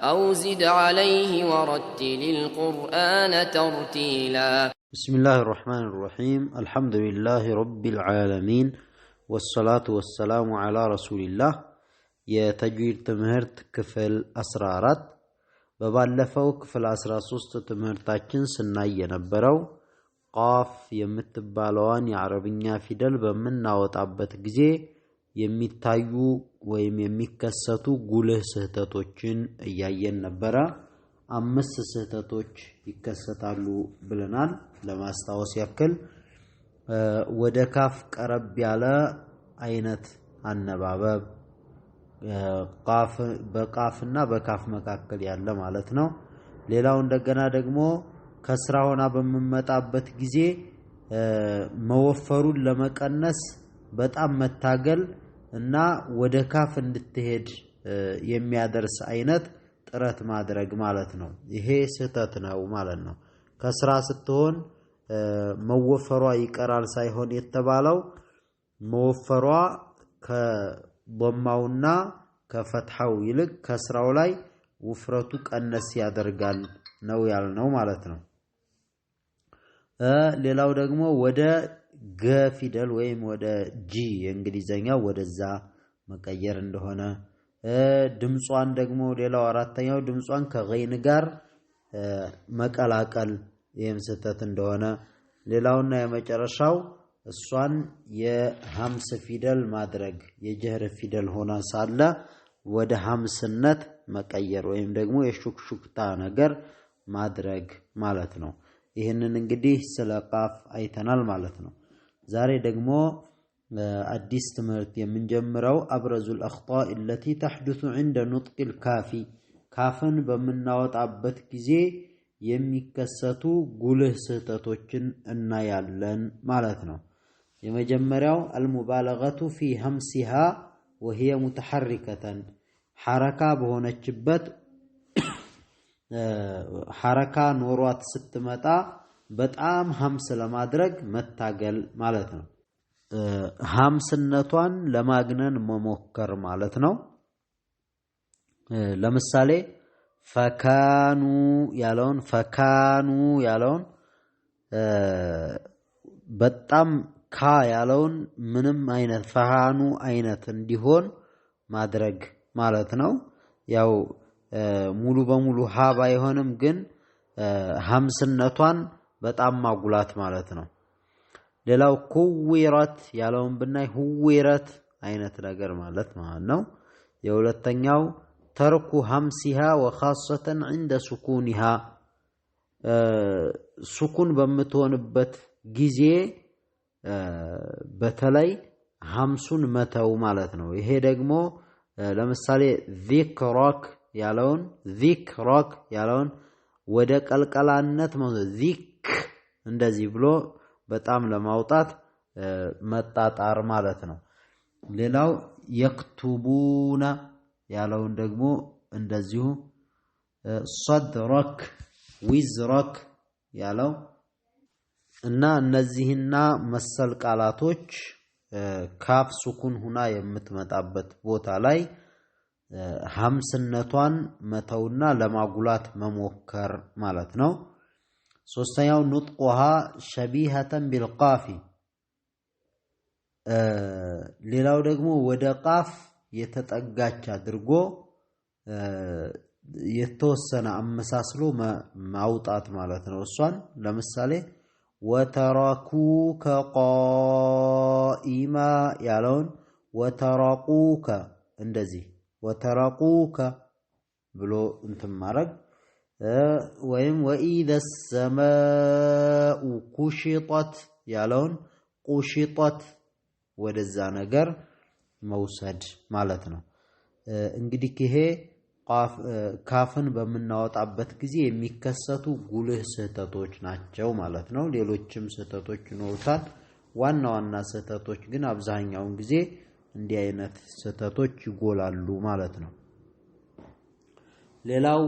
أو زد عليه ورتل القرآن ترتيلا بسم الله الرحمن الرحيم الحمد لله رب العالمين والصلاة والسلام على رسول الله يا تجوير تمهرت كفل أسرارات ببالفو كفل أسرار سوست تمهرتاكين سنعي نبرو قاف يمت بالوان عربين يا فدل بمن ناوت عبت جزي يمتايو ወይም የሚከሰቱ ጉልህ ስህተቶችን እያየን ነበረ። አምስት ስህተቶች ይከሰታሉ ብለናል። ለማስታወስ ያክል ወደ ካፍ ቀረብ ያለ አይነት አነባበብ ቃፍ በቃፍና በካፍ መካከል ያለ ማለት ነው። ሌላው እንደገና ደግሞ ከስራ ሆና በምመጣበት ጊዜ መወፈሩን ለመቀነስ በጣም መታገል እና ወደ ካፍ እንድትሄድ የሚያደርስ አይነት ጥረት ማድረግ ማለት ነው። ይሄ ስህተት ነው ማለት ነው። ከስራ ስትሆን መወፈሯ ይቀራል ሳይሆን የተባለው መወፈሯ ከቦማውና ከፈትሐው ይልቅ ከስራው ላይ ውፍረቱ ቀነስ ያደርጋል ነው ያልነው ማለት ነው። ሌላው ደግሞ ወደ ገ ፊደል ወይም ወደ ጂ የእንግሊዘኛው ወደዛ መቀየር እንደሆነ ድምጿን ደግሞ ሌላው አራተኛው ድምጿን ከይን ጋር መቀላቀል ይህም ስህተት እንደሆነ፣ ሌላውና የመጨረሻው እሷን የሀምስ ፊደል ማድረግ የጀህር ፊደል ሆና ሳለ ወደ ሀምስነት መቀየር ወይም ደግሞ የሹክሹክታ ነገር ማድረግ ማለት ነው። ይህንን እንግዲህ ስለ ቃፍ አይተናል ማለት ነው። ዛሬ ደግሞ አዲስ ትምህርት የምንጀምረው አብረዙል አኽጣእ አለቲ ተሕዱሱ ዐንደ ኑጥቂል ካፊ ካፍን በምናወጣበት ጊዜ የሚከሰቱ ጉልህ ስህተቶችን እናያለን ማለት ነው። የመጀመሪያው አልሙባለገቱ ፊ ሀምሲሃ ወህየ ሙተሐሪከተን ሐረካ በሆነችበት ሐረካ ኖሯት ስትመጣ በጣም ሀምስ ለማድረግ መታገል ማለት ነው። ሀምስነቷን ለማግነን መሞከር ማለት ነው። ለምሳሌ ፈካኑ ያለውን ፈካኑ ያለውን በጣም ካ ያለውን ምንም አይነት ፈሃኑ አይነት እንዲሆን ማድረግ ማለት ነው። ያው ሙሉ በሙሉ ሀ ባይሆንም ግን ሀምስነቷን በጣም ማጉላት ማለት ነው። ሌላው ኩዊረት ያለውን ብናይ ሁዊረት አይነት ነገር ማለት ማለት ነው። የሁለተኛው ተርኩ ሀምሲሃ ወኻሰተን ዕንደ ሱኩኒሃ ሱኩን በምትሆንበት ጊዜ በተለይ ሀምሱን መተው ማለት ነው። ይሄ ደግሞ ለምሳሌ ዚክራክ ያለውን ዚክራክ ያለውን ወደ ቀልቀላነት ዚክ ክ እንደዚህ ብሎ በጣም ለማውጣት መጣጣር ማለት ነው። ሌላው የክቱቡነ ያለውን ደግሞ እንደዚሁ ሶድረክ ዊዝረክ ያለው እና እነዚህና መሰል ቃላቶች ካፍ ሱኩን ሁና የምትመጣበት ቦታ ላይ ሀምስነቷን መተውና ለማጉላት መሞከር ማለት ነው። ሶስተኛው ኑጥቁሃ ሸቢሃተን ቢልቃፊ ሌላው ደግሞ ወደ ቃፍ የተጠጋች አድርጎ የተወሰነ አመሳስሎ ማውጣት ማለት ነው። እሷን ለምሳሌ ወተራኩከ ቃኢማ ያለውን ወተራቁከ እንደዚህ ወተራቁከ ብሎ እንትን ማድረግ ወይም ወኢዘ ሰማኡ ኩሽጠት ያለውን ቁሽጠት ወደዛ ነገር መውሰድ ማለት ነው። እንግዲህ ይሄ ካፍን በምናወጣበት ጊዜ የሚከሰቱ ጉልህ ስህተቶች ናቸው ማለት ነው። ሌሎችም ስህተቶች ይኖሩታል። ዋና ዋና ስህተቶች ግን አብዛኛውን ጊዜ እንዲህ አይነት ስህተቶች ይጎላሉ ማለት ነው። ሌላው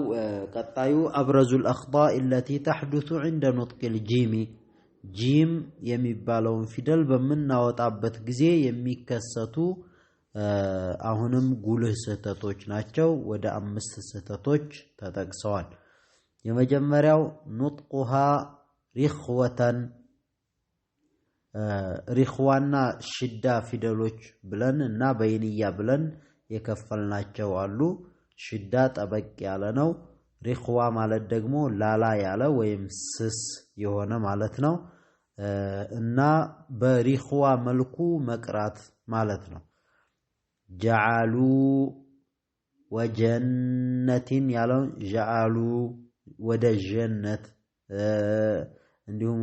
ቀጣዩ አብረዙል አኽጣእ ለቲ ተሕዱቱ ዕንደ ኑጥቂል ጂሚ ጂም የሚባለውን ፊደል በምናወጣበት ጊዜ የሚከሰቱ አሁንም ጉልህ ስህተቶች ናቸው። ወደ አምስት ስህተቶች ተጠቅሰዋል። የመጀመሪያው ኑጥቁሃ ሪኽወተን ሪኽዋና ሽዳ ፊደሎች ብለን እና በይንያ ብለን የከፈልናቸው አሉ። ሽዳ ጠበቅ ያለ ነው። ሪኽዋ ማለት ደግሞ ላላ ያለ ወይም ስስ የሆነ ማለት ነው እና በሪኽዋ መልኩ መቅራት ማለት ነው። ጀዓሉ ወጀነቲን ያለው ጀዓሉ ወደ ጀነት እንዲሁም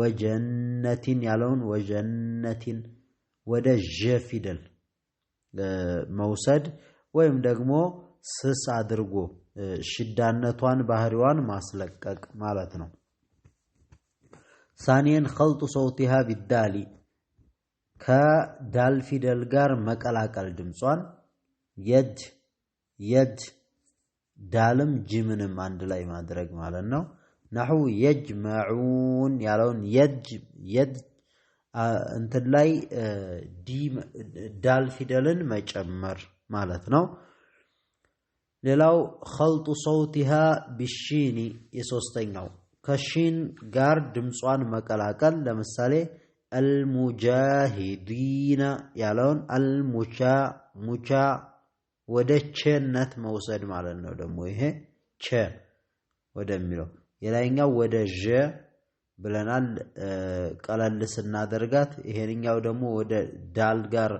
ወጀነቲን ያለውን ወጀነቲን ወደ ጀ ፊደል መውሰድ ወይም ደግሞ ስስ አድርጎ ሽዳነቷን ባህሪዋን ማስለቀቅ ማለት ነው። ሳኒየን ኸልጡ ሰውቲሃ ቢዳሊ ከዳል ፊደል ጋር መቀላቀል ድምጿን የድ የድ ዳልም ጅምንም አንድ ላይ ማድረግ ማለት ነው። ናሁ የጅመዑን ያለውን የድ የድ እንትን ላይ ዳል ፊደልን መጨመር ማለት ነው። ሌላው ኸልጡ ሰውቲሃ ቢሺኒ የሶስተኛው ከሺን ጋር ድምጿን መቀላቀል ለምሳሌ አልሙጃሂዲነ ያለውን አልሙቻ ሙቻ ወደ ቼነት መውሰድ ማለት ነው። ደግሞ ይሄ ቼ ወደሚለው የላይኛው ወደ ዠ ብለናል፣ ቀለል ስናደርጋት። ይሄንኛው ደግሞ ወደ ዳል ጋር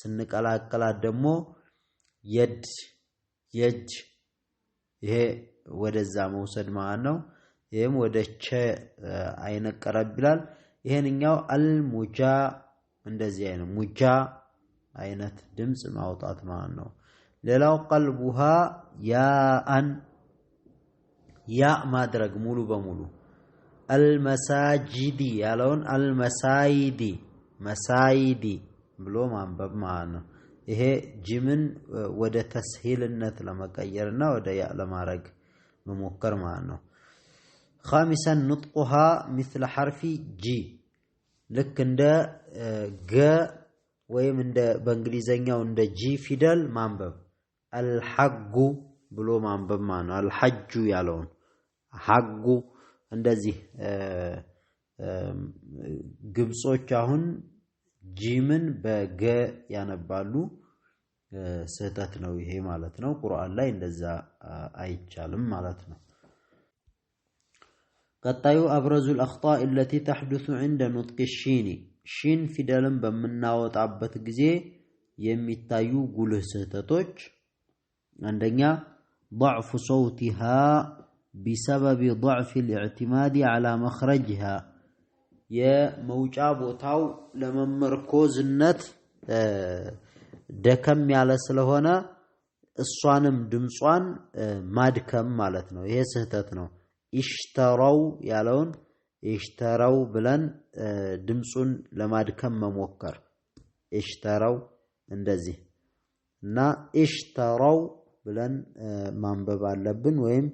ስንቀላቀላት ደግሞ የድ የእጅ ይሄ ወደዛ መውሰድ ማለት ነው። ይህም ወደ ቸ አይነት ቀረብ ይላል። ይሄንኛው አልሙጃ እንደዚህ አይነት ሙጃ አይነት ድምፅ ማውጣት ማለት ነው። ሌላው ቀልቡሃ ያአን ያ ማድረግ ሙሉ በሙሉ አልመሳጂዲ ያለውን አልመሳይዲ መሳይዲ ብሎ ማንበብ ማለት ነው። ይሄ ጂምን ወደ ተስሂልነት ለመቀየርና ወደ ያ ለማድረግ መሞከር ማለት ነው። ኻሚሰን ንጥቁሃ ሚስለ ሐርፊ ጂ ልክ እንደ ገ ወይም በእንግሊዘኛው እንደ ጂ ፊደል ማንበብ አልሐጉ ብሎ ማንበብ ማለት ነው። አልሐጁ ያለውን ሐጉ እንደዚህ ግብጾች አሁን ጂምን በገ ያነባሉ። ስህተት ነው ይሄ ማለት ነው። ቁርአን ላይ እንደዛ አይቻልም ማለት ነው። ቀጣዩ አብረዙል አኽጣእ አለቲ ተሕዱሱ ዐንደ ኑጥቂ ሺኒ ሺን ፊደልን በምናወጣበት ጊዜ የሚታዩ ጉልህ ስህተቶች አንደኛ ضعف صوتها بسبب ضعف الاعتماد على مخرجها የመውጫ ቦታው ለመመርኮዝነት ደከም ያለ ስለሆነ እሷንም ድምጿን ማድከም ማለት ነው። ይሄ ስህተት ነው። ኢሽተራው ያለውን ኢሽተረው ብለን ድምፁን ለማድከም መሞከር ኢሽተራው እንደዚህ እና ኢሽተራው ብለን ማንበብ አለብን። ወይም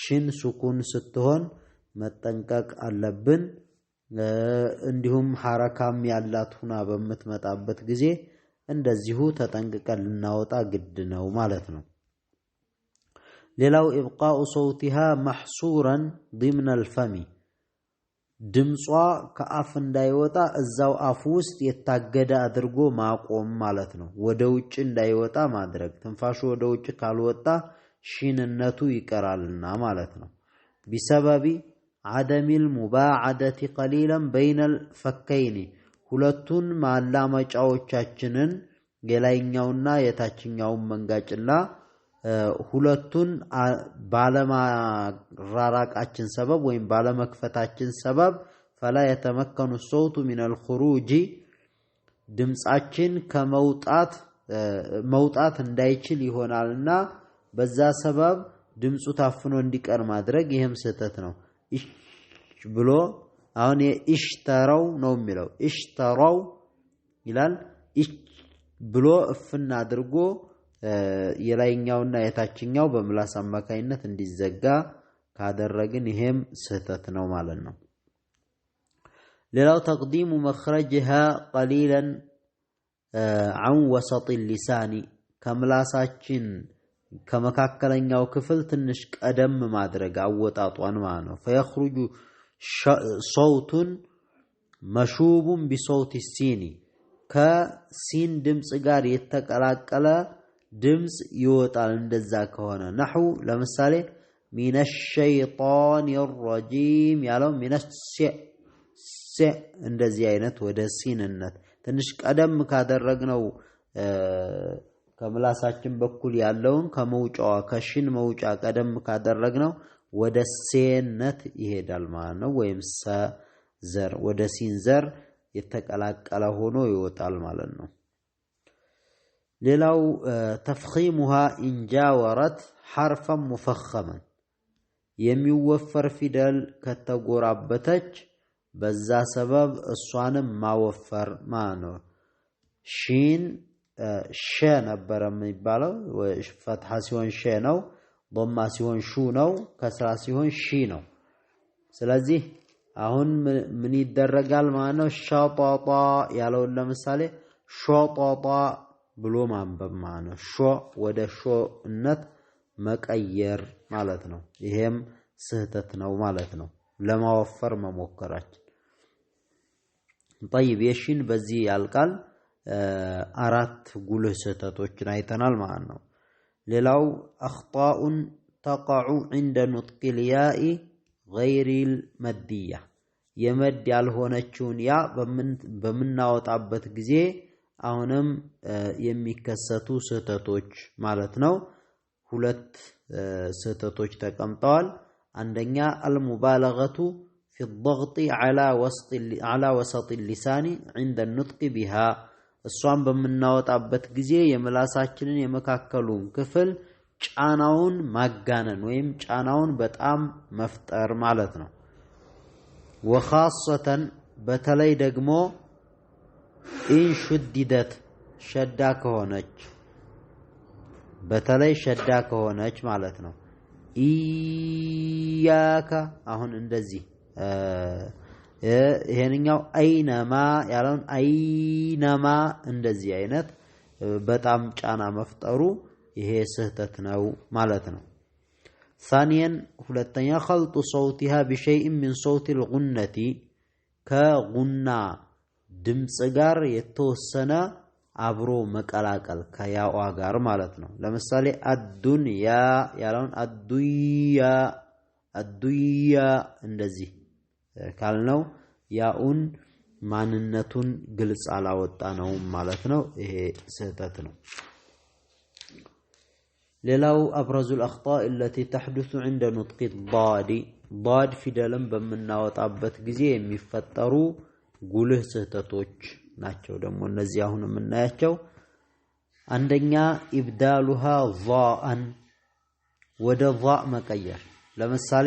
ሽን ሱኩን ስትሆን መጠንቀቅ አለብን። እንዲሁም ሐረካም ያላት ሁና በምትመጣበት ጊዜ እንደዚሁ ተጠንቅቀን ልናወጣ ግድ ነው ማለት ነው። ሌላው ኢብቃኡ ሰውቲሃ ማሕሱረን ዲምነል አልፈሚ ድምጿ ከአፍ እንዳይወጣ እዛው አፍ ውስጥ የታገደ አድርጎ ማቆም ማለት ነው። ወደ ውጭ እንዳይወጣ ማድረግ። ትንፋሹ ወደ ውጭ ካልወጣ ሺንነቱ ይቀራልና ማለት ነው። ቢሰበቢ ዓደሚል ሙባዓደቲ ቀሊለን በይነል ፈከይኒ ሁለቱን ማላመጫዎቻችንን የላይኛውና የታችኛውን መንጋጭላ ሁለቱን ባለማራራቃችን ሰበብ ወይም ባለመክፈታችን ሰበብ ፈላ የተመከኑ ሰውቱ ሚነል ኹሩጂ ድምፃችን ከመውጣት መውጣት እንዳይችል ይሆናልና በዛ ሰበብ ድምፁ ታፍኖ እንዲቀር ማድረግ ይህም ስህተት ነው። ብሎ አሁን የኢሽተራው ነው የሚለው ኢሽተራው ይላል ብሎ እፍን አድርጎ የላይኛውና የታችኛው በምላስ አማካይነት እንዲዘጋ ካደረግን ይሄም ስህተት ነው ማለት ነው። ሌላው ተቅዲሙ መክረጅሃ ቀሊለን አን ወሰጢ ሊሳኒ ከምላሳችን ከመካከለኛው ክፍል ትንሽ ቀደም ማድረግ አወጣጧን ማለት ነው። ሶውቱን መሹቡን ቢሶውት ሲኒ ከሲን ድምፅ ጋር የተቀላቀለ ድምፅ ይወጣል። እንደዛ ከሆነ ነሑ ለምሳሌ ሚነ ሸይጣን ረጂም ያለው ሚነ እንደዚህ አይነት ወደ ሲንነት ትንሽ ቀደም ካደረግነው ከምላሳችን በኩል ያለውን ከመውጫዋ ከሽን መውጫ ቀደም ካደረግነው ወደ ሴነት ይሄዳል ማለት ነው። ወይም ሰዘር ወደ ሲንዘር የተቀላቀለ ሆኖ ይወጣል ማለት ነው። ሌላው ተፍኺሙሃ ኢንጃወረት ሐርፈን ሙፈኸመን የሚወፈር ፊደል ከተጎራበተች በዛ ሰበብ እሷንም ማወፈር ማለት ነው። ሺን ሸ ነበረ የሚባለው ፈትሐ ሲሆን ሸ ነው። ዶማ ሲሆን ሹ ነው፣ ከስራ ሲሆን ሺ ነው። ስለዚህ አሁን ምን ይደረጋል ማለት ነው? ሸጧጧ ያለውን ለምሳሌ ሾጧጧ ብሎ ማንበብ ማለት ነው። ሾ ወደ ሾነት መቀየር ማለት ነው። ይሄም ስህተት ነው ማለት ነው። ለማወፈር መሞከራችን ጠይብ የሺን በዚህ ያልቃል። አራት ጉልህ ስህተቶችን አይተናል ማለት ነው። للو أخطاء تقع عند نطق الياء غير المدية يمد يالهونة يا بمن, بمن وطعبت جزي አሁንም የሚከሰቱ ስህተቶች ማለት ነው ሁለት ስህተቶች ተቀምጠዋል አንደኛ አልሙባለቱ ፊ ضغጢ ላ ወሰጢ ሊሳኒ ንደ ኑጥቅ ቢሃ እሷን በምናወጣበት ጊዜ የምላሳችንን የመካከሉን ክፍል ጫናውን ማጋነን ወይም ጫናውን በጣም መፍጠር ማለት ነው። ወኻሰተን በተለይ ደግሞ ኢንሹዲደት ሸዳ ከሆነች በተለይ ሸዳ ከሆነች ማለት ነው። ኢያካ አሁን እንደዚህ ይሄንኛው አይነማ ያለውን አይነማ እንደዚህ አይነት በጣም ጫና መፍጠሩ ይሄ ስህተት ነው ማለት ነው። ሳኒየን ሁለተኛ ኸልጡ ሰውቲሃ ቢሸይእን ሚን ሰውቲ ልጉነቲ ከጉና ድምፅ ጋር የተወሰነ አብሮ መቀላቀል ከያዋ ጋር ማለት ነው። ለምሳሌ አዱንያ ያለውን አዱያ አዱያ እንደዚህ ካልነው ያኡን ማንነቱን ግልጽ አላወጣ ነው ማለት ነው። ይሄ ስህተት ነው። ሌላው አብረዙል አኽጣእ አለቲ ተሕዱሱ ዐንደ ኑጥቂ ዳዲ ዳድ ፊደልን በምናወጣበት ጊዜ የሚፈጠሩ ጉልህ ስህተቶች ናቸው። ደግሞ እነዚህ አሁን የምናያቸው አንደኛ ኢብዳሉሃ ዛአን ወደ ዛ መቀየር ለምሳሌ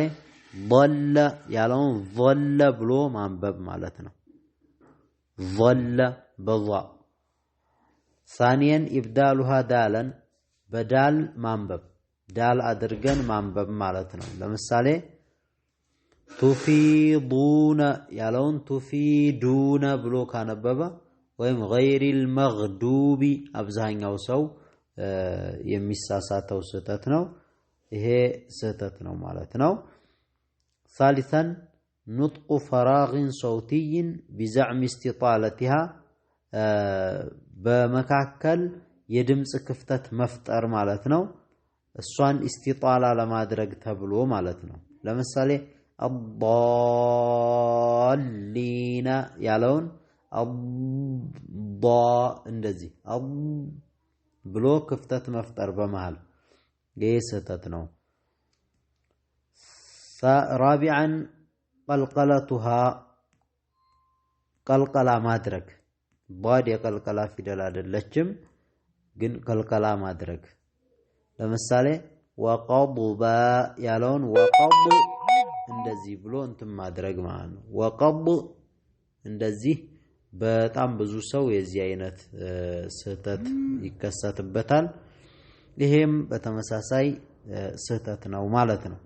ለ ያለውን ለ ብሎ ማንበብ ማለት ነው። ለ በዛ ሳኒየን ኢብዳሉሃ ዳለን በዳል ማንበብ ዳል አድርገን ማንበብ ማለት ነው። ለምሳሌ ቱፊዱነ ያለውን ቱፊዱነ ብሎ ካነበበ ወይም ገይሪል መግዱቢ አብዛኛው ሰው የሚሳሳተው ስህተት ነው። ይሄ ስህተት ነው ማለት ነው። ثالثا نطق فراغ صوتي بزعم استطالتها በመካከል የድምፅ ክፍተት መፍጠር ማለት ነው። እሷን ኢስቲጣላ ለማድረግ ተብሎ ማለት ነው። ለምሳሌ አሊነ ያለውን እንደዚህ ብሎ ክፍተት መፍጠር በመሃል ይህ ስህተት ነው። ራቢዐን ቀልቀለቱሃ ቀልቀላ ማድረግ ቧድ የቀልቀላ ፊደል አይደለችም፣ ግን ቀልቀላ ማድረግ ለምሳሌ وقضب ያለውን ወቀቡ እንደዚህ ብሎ እንትን ማድረግ ማለት ነው። ወቀቡ እንደዚህ በጣም ብዙ ሰው የዚህ አይነት ስህተት ይከሰትበታል። ይሄም በተመሳሳይ ስህተት ነው ማለት ነው።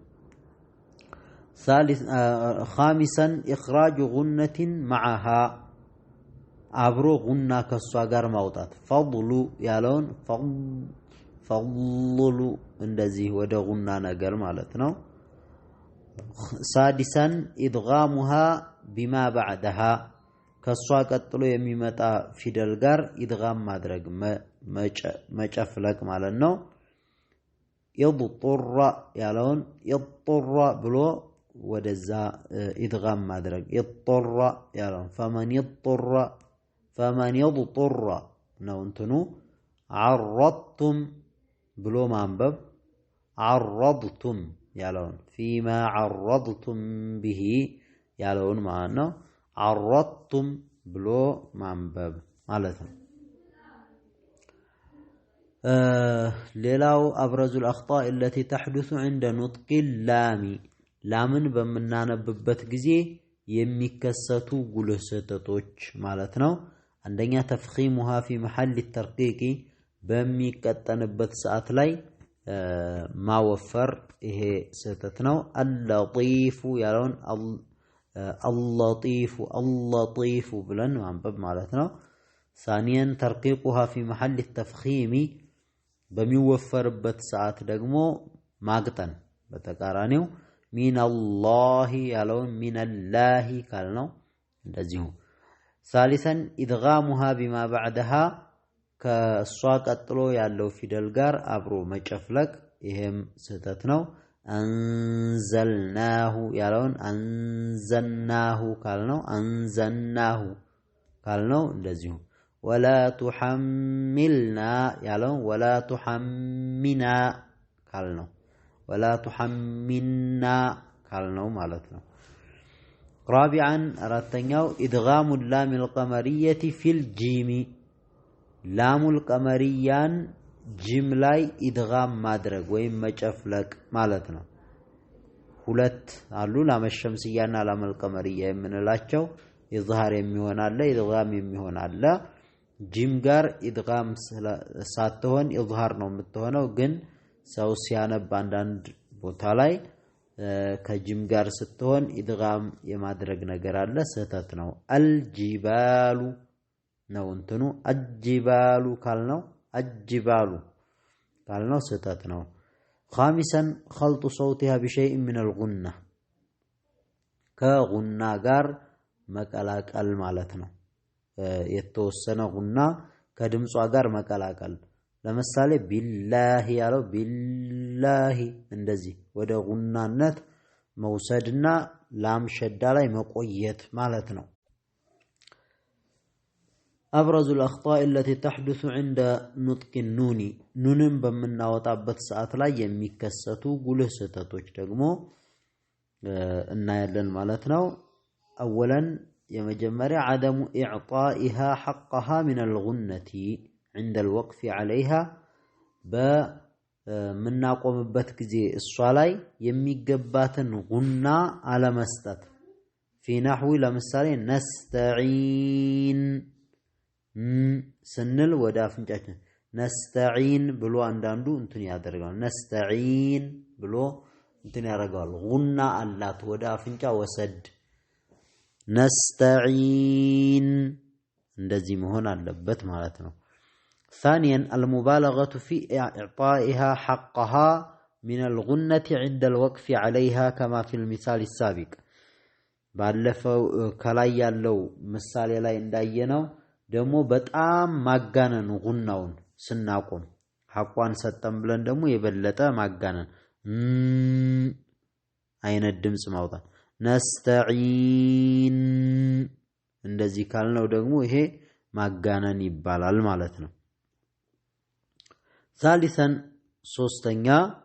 ካሚሰን ኢኽራጁ ጉነትን መዓሃ አብሮ ጉና ከሷ ጋር ማውጣት ፈሉ ያለውን ፈሉ እንደዚህ ወደ ጉና ነገር ማለት ነው። ሳዲሰን ኢድጋሙሃ ቢማ ባዕደሃ ከሷ ቀጥሎ የሚመጣ ፊደል ጋር ኢድጋም ማድረግ መጨፍለቅ ማለት ነው። የጡራ ያለውን የጡራ ብሎ ودزا آه، إدغام مدرك اضطر يا لون فمن يضطر فمن يضطر نو انتنو عرضتم بلو مانبب عرضتم لون فيما عرضتم به يا يالون معنا عرضتم بلو مانبب مالتا آه ليلاو أبرز الأخطاء التي تحدث عند نطق اللام ላምን በምናነብበት ጊዜ የሚከሰቱ ጉልህ ስህተቶች ማለት ነው። አንደኛ ተፍኺሙሃ ፊ መሐል ተርቂቂ በሚቀጠንበት ሰዓት ላይ ማወፈር፣ ይሄ ስህተት ነው። አለጢፉ ያለውን አለጢፉ አለጢፉ ብለን ማንበብ ማለት ነው። ሳኒየን ተርቂቁሃ ፊ መሐል ተፍኺሚ በሚወፈርበት ሰዓት ደግሞ ማቅጠን በተቃራኒው ሚነላሂ ያለውን ሚነላሂ ካልነው እንደዚሁ። ሳሊሰን ኢድጋሙሃ ቢማ ባዕደሃ ከእሷ ቀጥሎ ያለው ፊደል ጋር አብሮ መጨፍለቅ፣ ይሄም ስህተት ነው። አንዘልናሁ ያለውን አንዘናሁ ካልነው አንዘናሁ ካልነው እንደዚሁ። ወላ ቱሐሚልና ያለውን ወላ ቱሐሚና ካልነው ወላ ቱሐሚና ካልነው ማለት ነው። ራቢዓን አራተኛው ኢድጋሙል ላሚል ቀመርየቲ ፊል ጂሚ ላሙል ቀመርያን ጂም ላይ ኢድጋም ማድረግ ወይም መጨፍለቅ ማለት ነው። ሁለት አሉ ላመሸምስያና ላመልቀመርያ የምንላቸው ኢዝሃር የሚሆን አለ፣ ኢድጋም የሚሆን አለ። ጂም ጋር ኢድጋም ሳትሆን ኢዝሃር ነው የምትሆነው ግን ሰው ሲያነብ አንዳንድ ቦታ ላይ ከጅም ጋር ስትሆን ኢድጋም የማድረግ ነገር አለ። ስህተት ነው። አልጂባሉ ነው እንትኑ አጅባሉ ካልነው አጅባሉ ካልነው ስህተት ነው። ኻሚሰን ኸልጡ ሰውቲሃ ቢሸይእ ሚነል ጉና ከጉና ጋር መቀላቀል ማለት ነው። የተወሰነ ጉና ከድምጿ ጋር መቀላቀል ለምሳሌ ቢላሂ ያለው ቢላሂ እንደዚህ ወደ ጉናነት መውሰድና ላም ሸዳ ላይ መቆየት ማለት ነው። أبرز الأخطاء التي تحدث عند نطق النون نونን በምናወጣበት ሰዓት ላይ የሚከሰቱ ጉልህ ስህተቶች ደግሞ እናያለን ማለት ነው። أولا የመጀመሪያ عدم إعطائها حقها من الغنة ዒንደል ወቅፊ ዓለይሃ በምናቆምበት ጊዜ እሷ ላይ የሚገባትን ጉና አለመስጠት። ፊ ናሕዊ ለምሳሌ ነስተዒን ስንል ወደ አፍንጫችን ነስተዒን ብሎ አንዳንዱ እንትን ያደርጋል። ነስተዒን ብሎ እንትን ያደርገዋል። ጉና አላት ወደ አፍንጫ ወሰድ። ነስተዒን እንደዚህ መሆን አለበት ማለት ነው። ثانيا المبالغة في إعطائها حقها من الغنة عند الوقف عليها كما في المثال السابق ባለፈው ከላይ ያለው ምሳሌ ላይ እንዳየነው ደግሞ በጣም ማጋነን ጉናውን ስናቆም ሀቋን ሰጠን ብለን ደግሞ የበለጠ ማጋነን አይነት ድምፅ ማውጣት ነስተዒን እንደዚህ ካልነው ደግሞ ይሄ ማጋነን ይባላል ማለት ነው። ثالثا سوستنيا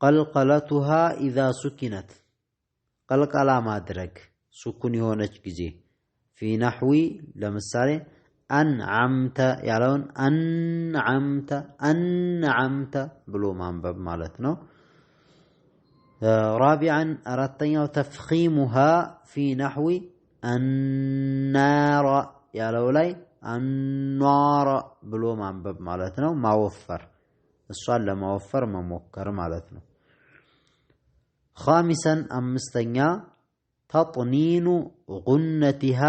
قلقلتها إذا سكنت قلقلة ما درك سكني هونج جزي في نحو لمسالة أنعمت يعلون أنعمت أنعمت بلو ما باب مالتنا آه، رابعا أردت تفخيمها في نحو النار يا لولاي አኗራ ብሎ ማንበብ ማለት ነው። ማወፈር እሷን ለማወፈር መሞከር ማለት ነው። ኻሚሰን አምስተኛ ተጥኒኑ ጉነቲሃ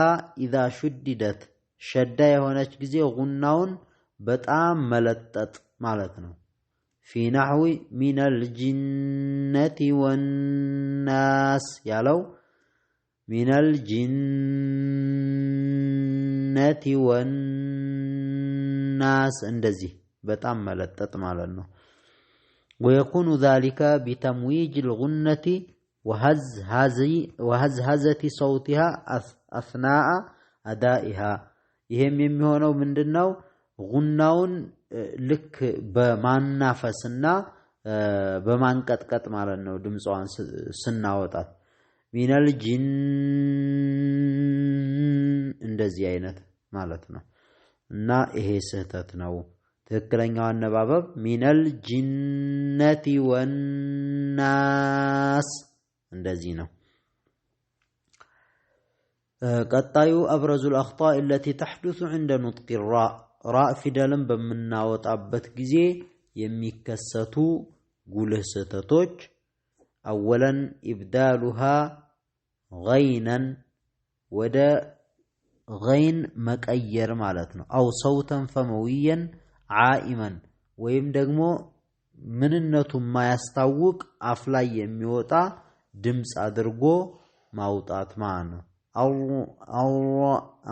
ኢዛ ሹዲደት ሸዳ የሆነች ጊዜ ጉናውን በጣም መለጠጥ ማለት ነው። ፊ ናሕዊ ሚነል ጂነቲ ወናስ ያለው ሚነል ጂን ነቲ ወናስ እንደዚህ በጣም መለጠጥ ማለት ነው። ወየኩኑ ዛሊከ ቢተምዊጅ ልጉነቲ ወሀዝሀዘቲ ሰውቲሃ አፍናአ አዳኢሃ ይሄም የሚሆነው ምንድን ነው? ጉናውን ልክ በማናፈስና በማንቀጥቀጥ ማለት ነው። ድምፅዋን ስናወጣት ሚነል ጂን እንደዚህ አይነት ማለት ነው። እና ይሄ ስህተት ነው። ትክክለኛው አነባበብ ሚነል ጂነቲ ወናስ እንደዚህ ነው። ቀጣዩ አብረዙል አኽጣእ አለቲ ተሕዱሱ ዐንደ ኑጥቂ ራ ራ ፊደልን በምናወጣበት ጊዜ የሚከሰቱ ጉልህ ስህተቶች አወለን ኢብዳሉሃ ገይነን ወደ ገይን መቀየር ማለት ነው። አው ሰውተን ፈመውየን ዓኢመን ወይም ደግሞ ምንነቱ የማያስታውቅ አፍ ላይ የሚወጣ ድምፅ አድርጎ ማውጣት ማለት ነው።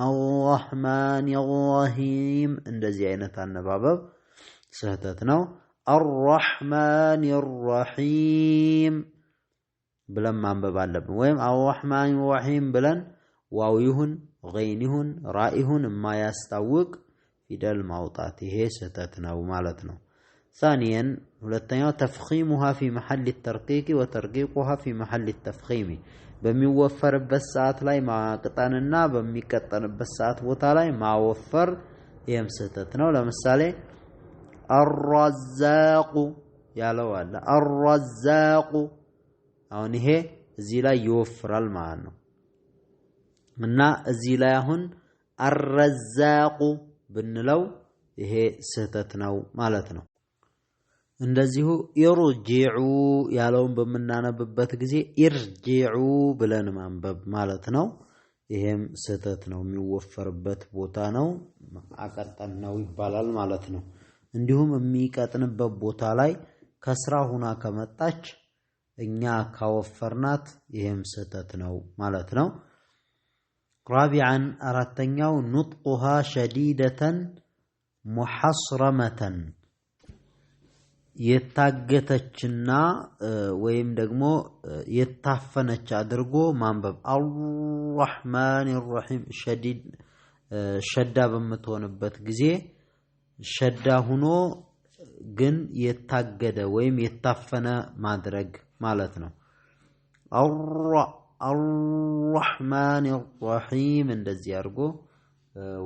አራሕማን ራሒም እንደዚህ አይነት አነባበብ ስህተት ነው። አራሕማን ራሂም ብለን ማንበብ አለብን። ወይም አራሕማን ራሒም ብለን ዋው ይሁን غينهن رائهن ما يستوق في دل هي ستتنا ومالتنا ثانيا ولتنيا تفخيمها في محل الترقيق وترقيقها في محل التفخيم بميوفر بسات لاي ما قطان الناب ميكتان بسات وطالاي ما وفر يم ستتنا ولمسالي الرزاق يا لو الرزاق او نهي زيلا يوفر المعنو እና እዚህ ላይ አሁን አረዛቁ ብንለው ይሄ ስህተት ነው ማለት ነው። እንደዚሁ ኢርጂዑ ያለውን በምናነብበት ጊዜ ኢርጂዑ ብለን ማንበብ ማለት ነው። ይሄም ስህተት ነው፣ የሚወፈርበት ቦታ ነው። አቀጠን ነው ይባላል ማለት ነው። እንዲሁም የሚቀጥንበት ቦታ ላይ ከስራ ሁና ከመጣች እኛ ካወፈርናት ይሄም ስህተት ነው ማለት ነው። ራቢዓን አራተኛው ኑጥቁሃ ሸዲደተን ሙሐስረመተን የታገተችና ወይም ደግሞ የታፈነች አድርጎ ማንበብ። አራሕማን ራሒም ሸዳ በምትሆንበት ጊዜ ሸዳ ሁኖ ግን የታገደ ወይም የታፈነ ማድረግ ማለት ነው። አራሕማን ራሂም እንደዚህ አድርጎ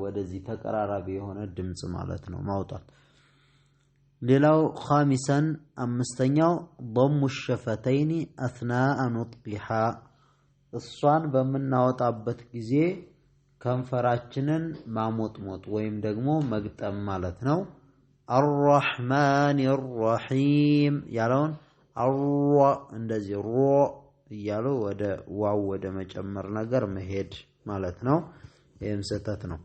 ወደዚህ ተቀራራቢ የሆነ ድምፅ ማለት ነው ማውጣት። ሌላው ኻሚሰን አምስተኛው ضሙ ሸፈተይኒ አትናአ ኑጥቂሃ እሷን በምናወጣበት ጊዜ ከንፈራችንን ማሞጥሞጥ ወይም ደግሞ መግጠም ማለት ነው። አራሕማን ራሂም ያለውን አራ እንደዚህ እያሉ ወደ ዋው ወደ መጨመር ነገር መሄድ ማለት ነው። ይህም ስህተት ነው።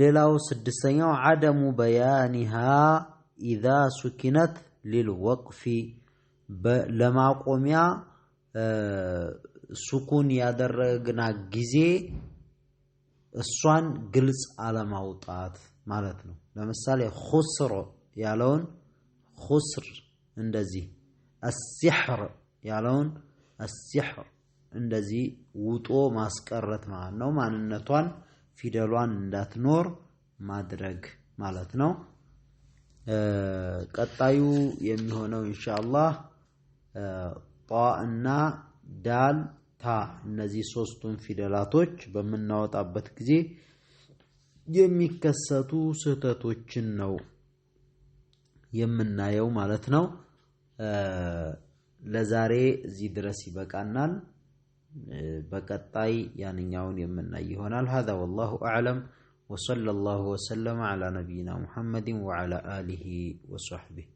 ሌላው ስድስተኛው አደሙ በያኒሃ ኢዛ ሱኪነት ሊልወቅፊ ለማቆሚያ ሱኩን ያደረግና ጊዜ እሷን ግልጽ አለማውጣት ማለት ነው። ለምሳሌ ኹስር ያለውን ኹስር እንደዚህ አሲሕር ያለውን አሲሕር እንደዚህ ውጦ ማስቀረት ማለት ነው። ማንነቷን ፊደሏን እንዳትኖር ማድረግ ማለት ነው። ቀጣዩ የሚሆነው ኢንሻአላህ ጣ እና ዳል ታ እነዚህ ሶስቱን ፊደላቶች በምናወጣበት ጊዜ የሚከሰቱ ስህተቶችን ነው የምናየው ማለት ነው። ለዛሬ እዚህ ድረስ ይበቃናል። በቀጣይ ያንኛውን የምናይ ይሆናል። ሀዛ ወላሁ አዕለም ወሰለላሁ ወሰለመ ዐላ ነቢይና ሙሐመድን ወዐላ አሊሂ ወሶሕቢህ